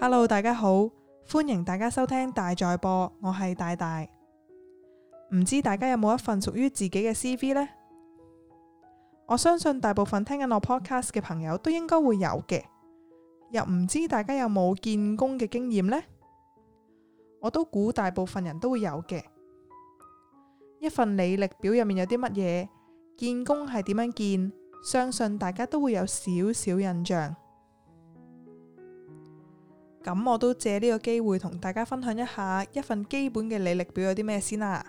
Hello，大家好，歡迎大家收聽大在播，我係大大。唔知大家有冇一份屬於自己嘅 CV 呢？我相信大部分聽緊我 podcast 嘅朋友都應該會有嘅。又唔知大家有冇見工嘅經驗呢？我都估大部分人都會有嘅。一份履歷表入面有啲乜嘢？見工係點樣見？相信大家都會有少少印象。咁我都借呢個機會同大家分享一下一份基本嘅履歷表有啲咩先啦。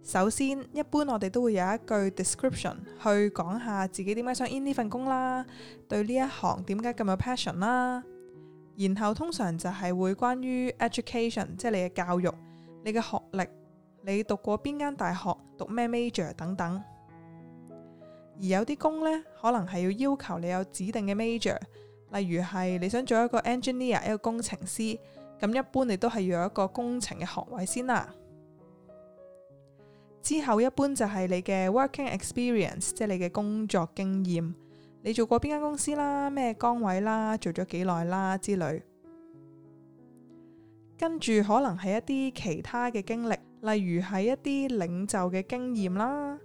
首先，一般我哋都會有一句 description 去講下自己點解想 in 呢份工啦，對呢一行點解咁有 passion 啦。然後通常就係會關於 education，即係你嘅教育、你嘅學歷、你讀過邊間大學、讀咩 major 等等。而有啲工呢，可能係要要求你有指定嘅 major。例如係你想做一個 engineer，一個工程師，咁一般你都係要有一個工程嘅學位先啦。之後一般就係你嘅 working experience，即係你嘅工作經驗，你做過邊間公司啦，咩崗位啦，做咗幾耐啦之類。跟住可能係一啲其他嘅經歷，例如係一啲領袖嘅經驗啦，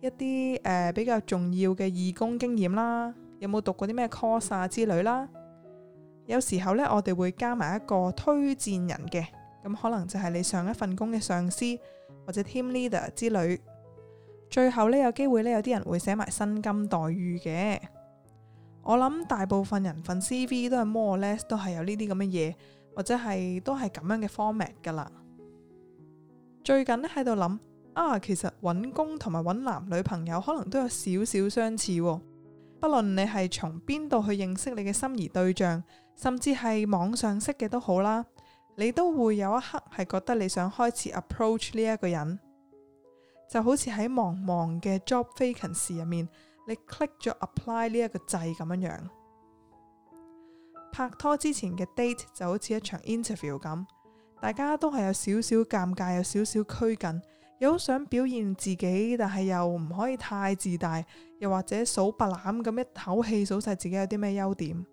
一啲誒、呃、比較重要嘅義工經驗啦。有冇讀過啲咩 course 啊之類啦？有時候呢，我哋會加埋一個推薦人嘅，咁可能就係你上一份工嘅上司或者 team leader 之類。最後呢，有機會呢，有啲人會寫埋薪金待遇嘅。我諗大部分人份 CV 都係 more or less 都係有呢啲咁嘅嘢，或者係都係咁樣嘅 format 噶啦。最近呢，喺度諗，啊，其實揾工同埋揾男女朋友可能都有少少相似。不論你係從邊度去認識你嘅心儀對象，甚至係網上識嘅都好啦，你都會有一刻係覺得你想開始 approach 呢一個人，就好似喺茫茫嘅 job vacancy 入面，你 click 咗 apply 呢一個掣咁樣樣。拍拖之前嘅 date 就好似一場 interview 咁，大家都係有少少尷尬，有少少拘謹。有好想表現自己，但係又唔可以太自大，又或者數白攬咁一口氣數晒自己有啲咩優點。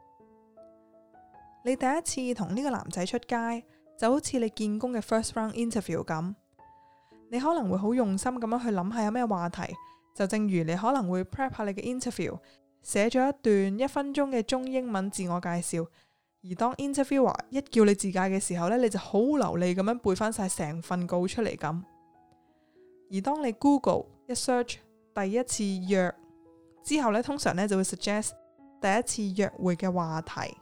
你第一次同呢個男仔出街，就好似你見工嘅 first round interview 咁，你可能會好用心咁樣去諗下有咩話題。就正如你可能會 prep 下你嘅 interview，寫咗一段一分鐘嘅中英文自我介紹。而當 interviewer 一叫你自介嘅時候呢，你就好流利咁樣背翻晒成份稿出嚟咁。而當你 Google 一 search 第一次約之後呢，通常呢，就會 suggest 第一次約會嘅話題。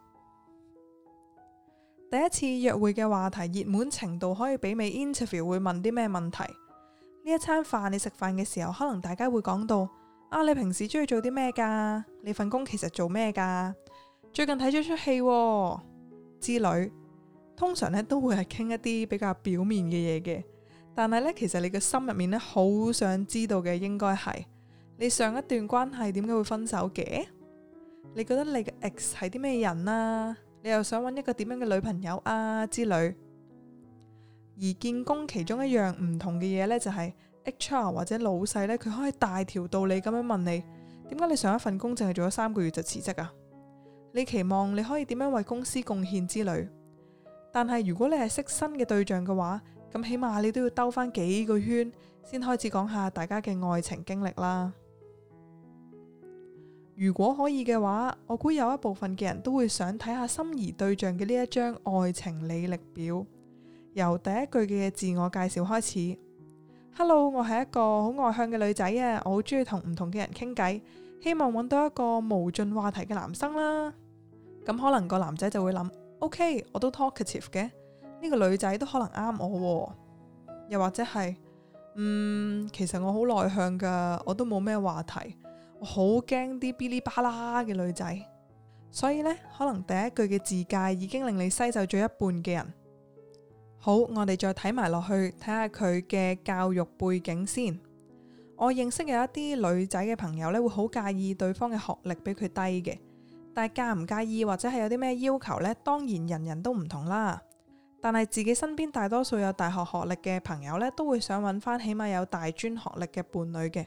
第一次約會嘅話題熱門程度可以媲美 interview 會問啲咩問題？呢一餐飯，你食飯嘅時候，可能大家會講到啊，你平時中意做啲咩㗎？你份工其實做咩㗎？最近睇咗出戲之類，通常咧，都會係傾一啲比較表面嘅嘢嘅。但係咧，其實你嘅心入面咧，好想知道嘅，應該係你上一段關係點解會分手嘅？你覺得你嘅 ex 係啲咩人啊？你又想搵一個點樣嘅女朋友啊之類。而見工其中一樣唔同嘅嘢咧，就係、是、HR 或者老細咧，佢可以大條道理咁樣問你，點解你上一份工淨係做咗三個月就辭職啊？你期望你可以點樣為公司貢獻之類，但係如果你係識新嘅對象嘅話，咁起碼你都要兜翻幾個圈先開始講下大家嘅愛情經歷啦。如果可以嘅話，我估有一部分嘅人都會想睇下心儀對象嘅呢一張愛情履歷表，由第一句嘅自我介紹開始。Hello，我係一個好外向嘅女仔啊，我好中意同唔同嘅人傾偈，希望揾到一個無盡話題嘅男生啦。咁、嗯、可能個男仔就會諗，OK，我都 talkative 嘅，呢、這個女仔都可能啱我。又或者係，嗯，其實我好內向噶，我都冇咩話題，我好驚啲嗶哩吧啦嘅女仔。所以呢，可能第一句嘅字句已經令你篩走咗一半嘅人。好，我哋再睇埋落去，睇下佢嘅教育背景先。我認識有一啲女仔嘅朋友咧，會好介意對方嘅學歷比佢低嘅。但介唔介意或者係有啲咩要求呢？當然人人都唔同啦。但係自己身邊大多數有大學學歷嘅朋友呢，都會想搵翻起碼有大專學歷嘅伴侶嘅，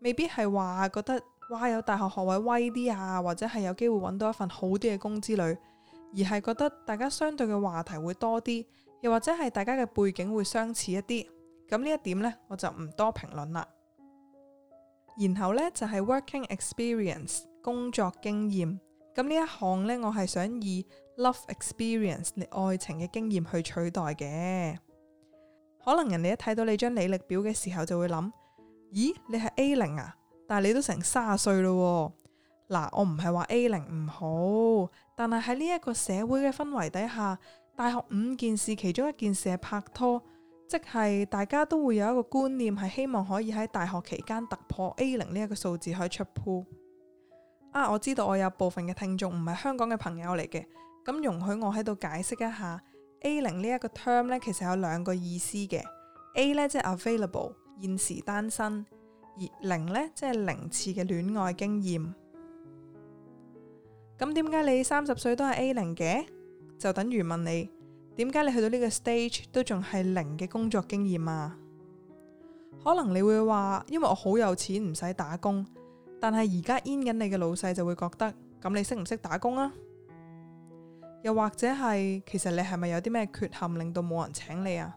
未必係話覺得哇有大學學位威啲啊，或者係有機會搵到一份好啲嘅工之類，而係覺得大家相對嘅話題會多啲。又或者係大家嘅背景會相似一啲，咁呢一點呢，我就唔多評論啦。然後呢，就係、是、working experience 工作經驗，咁呢一項呢，我係想以 love experience 愛情嘅經驗去取代嘅。可能人哋一睇到你張履歷表嘅時候就會諗，咦，你係 A 零啊？但係你都成卅歲啦，哦。嗱，我唔係話 A 零唔好，但係喺呢一個社會嘅氛圍底下。大學五件事，其中一件事係拍拖，即係大家都會有一個觀念，係希望可以喺大學期間突破 A 零呢一個數字，可以出 pool 啊。我知道我有部分嘅聽眾唔係香港嘅朋友嚟嘅，咁容許我喺度解釋一下 A 零呢一個 term 呢，其實有兩個意思嘅 A 呢，即係 available 現時單身，而零呢，即係零次嘅戀愛經驗。咁點解你三十歲都係 A 零嘅？就等於問你點解你去到呢個 stage 都仲係零嘅工作經驗啊？可能你會話，因為我好有錢唔使打工，但係而家 in 緊你嘅老細就會覺得，咁你識唔識打工啊？又或者係其實你係咪有啲咩缺陷令到冇人請你啊？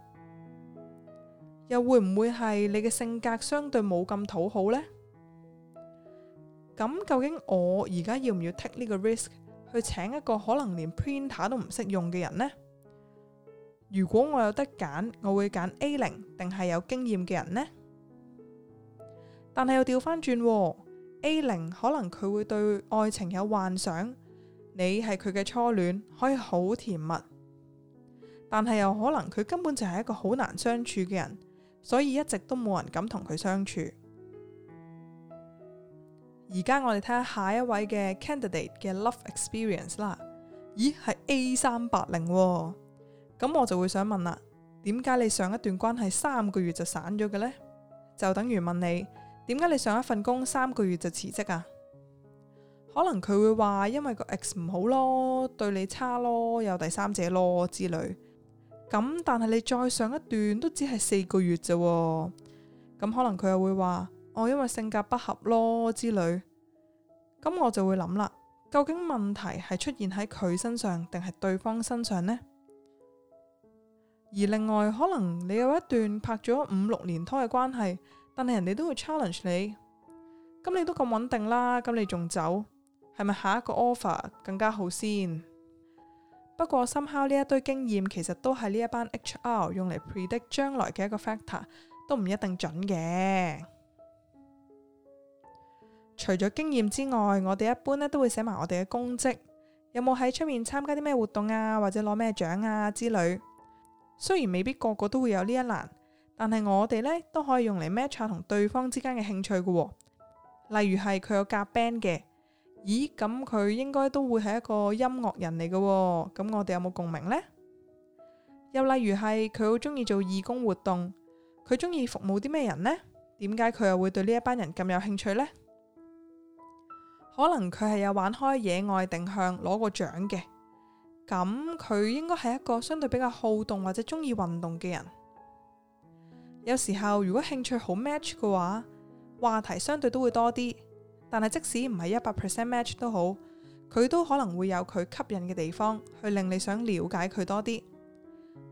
又會唔會係你嘅性格相對冇咁討好呢？咁究竟我而家要唔要 take 呢個 risk？去請一個可能連 printer 都唔識用嘅人呢？如果我有得揀，我會揀 A 零定係有經驗嘅人呢？但係又調返轉，A 零可能佢會對愛情有幻想，你係佢嘅初戀，可以好甜蜜。但係又可能佢根本就係一個好難相處嘅人，所以一直都冇人敢同佢相處。而家我哋睇下下一位嘅 candidate 嘅 love experience 啦，咦係 A 三八零，咁我就會想問啦，點解你上一段關係三個月就散咗嘅呢？就等於問你，點解你上一份工三個月就辭職啊？可能佢會話因為個 ex 唔好咯，對你差咯，有第三者咯之類。咁但係你再上一段都只係四個月咋，咁可能佢又會話。我 因為性格不合咯之類，咁、嗯、我就會諗啦，究竟問題係出現喺佢身上，定係對方身上呢？而另外可能你有一段拍咗五六年拖嘅關係，但係人哋都會 challenge 你，咁、嗯、你都咁穩定啦，咁、嗯、你仲走係咪下一個 offer 更加好先？不過深敲呢一堆經驗，其實都係呢一班 HR 用嚟 predict 將來嘅一個 factor，都唔一定準嘅。除咗經驗之外，我哋一般咧都會寫埋我哋嘅功績，有冇喺出面參加啲咩活動啊，或者攞咩獎啊之類。雖然未必個個都會有呢一欄，但係我哋呢都可以用嚟 match 同對方之間嘅興趣噶、哦㗎喎。例如係佢有夾 band 嘅，咦咁佢應該都會係一個音樂人嚟噶、哦㗎喎。咁我哋有冇共鳴呢？又例如係佢好中意做義工活動，佢中意服務啲咩人呢？點解佢又會對呢一班人咁有興趣呢？可能佢係有玩開野外定向攞過獎嘅，咁佢應該係一個相對比較好動或者中意運動嘅人。有時候如果興趣好 match 嘅話，話題相對都會多啲。但係即使唔係一百 percent match 都好，佢都可能會有佢吸引嘅地方，去令你想了解佢多啲。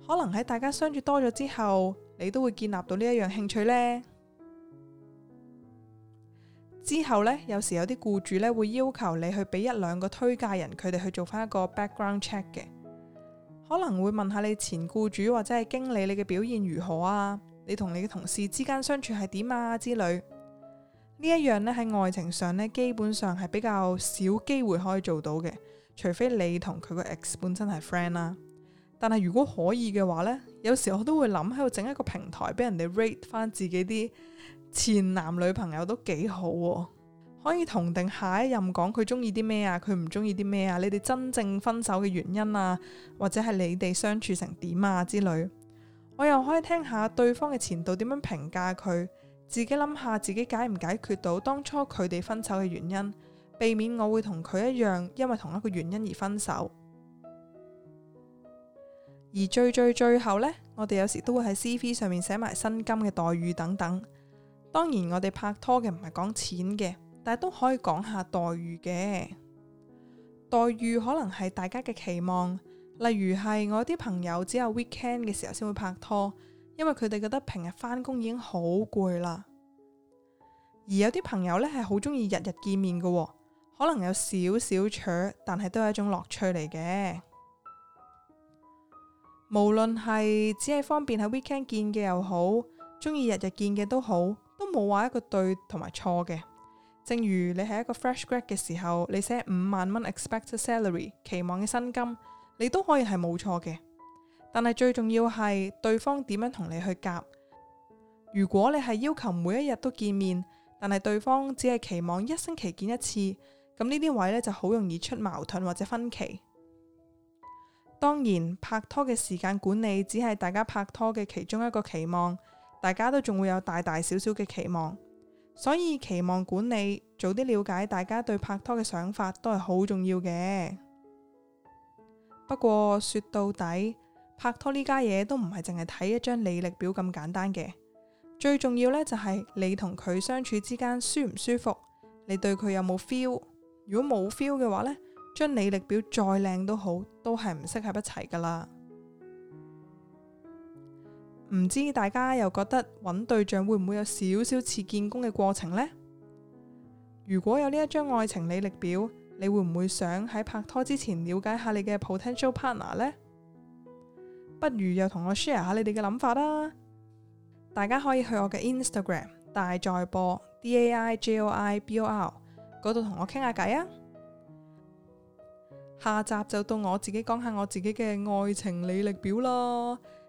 可能喺大家相處多咗之後，你都會建立到呢一樣興趣呢。之後呢，有時有啲僱主呢，會要求你去俾一兩個推介人，佢哋去做翻一個 background check，嘅，可能會問下你前僱主或者係經理你嘅表現如何啊，你同你嘅同事之間相處係點啊之類。呢一樣呢，喺愛情上呢，基本上係比較少機會可以做到嘅，除非你同佢個 ex 本身係 friend 啦，啊。但係如果可以嘅話呢，有時我都會諗喺度整一個平台俾人哋 rate 翻自己啲。前男女朋友都幾好，哦，可以同定下一任講佢中意啲咩啊，佢唔中意啲咩啊。你哋真正分手嘅原因啊，或者係你哋相處成點啊之類，我又可以聽下對方嘅前度點樣評價佢，自己諗下自己解唔解決到當初佢哋分手嘅原因，避免我會同佢一樣因為同一個原因而分手。而最最最後呢，我哋有時都會喺 CV 上面寫埋薪金嘅待遇等等。當然，我哋拍拖嘅唔係講錢嘅，但係都可以講下待遇嘅。待遇可能係大家嘅期望。例如係我啲朋友只有 weekend 嘅時候先會拍拖，因為佢哋覺得平日翻工已經好攰啦。而有啲朋友呢係好中意日日見面嘅，可能有少少吵，但係都係一種樂趣嚟嘅。無論係只係方便喺 weekend 見嘅又好，中意日日見嘅都好。都冇話一個對同埋錯嘅，正如你係一個 fresh grad 嘅時候，你寫五萬蚊 expect a salary 期望嘅薪金，你都可以係冇錯嘅。但係最重要係對方點樣同你去夾。如果你係要求每一日都見面，但係對方只係期望一星期見一次，咁呢啲位呢就好容易出矛盾或者分歧。當然，拍拖嘅時間管理只係大家拍拖嘅其中一個期望。大家都仲會有大大小小嘅期望，所以期望管理，早啲了解大家對拍拖嘅想法都係好重要嘅。不過說到底，拍拖呢家嘢都唔係淨係睇一張履歷表咁簡單嘅，最重要呢，就係、是、你同佢相處之間舒唔舒服，你對佢有冇 feel。如果冇 feel 嘅話呢張履歷表再靚都好，都係唔適合一齊噶啦。唔知大家又覺得揾對象會唔會有少少似見工嘅過程呢？如果有呢一張愛情履歷表，你會唔會想喺拍拖之前了解下你嘅 potential partner 呢？不如又同我 share 下你哋嘅諗法啦！大家可以去我嘅 Instagram 大在播 d a i j o i b o r 嗰度同我傾下偈啊！下集就到我自己講下我自己嘅愛情履歷表咯。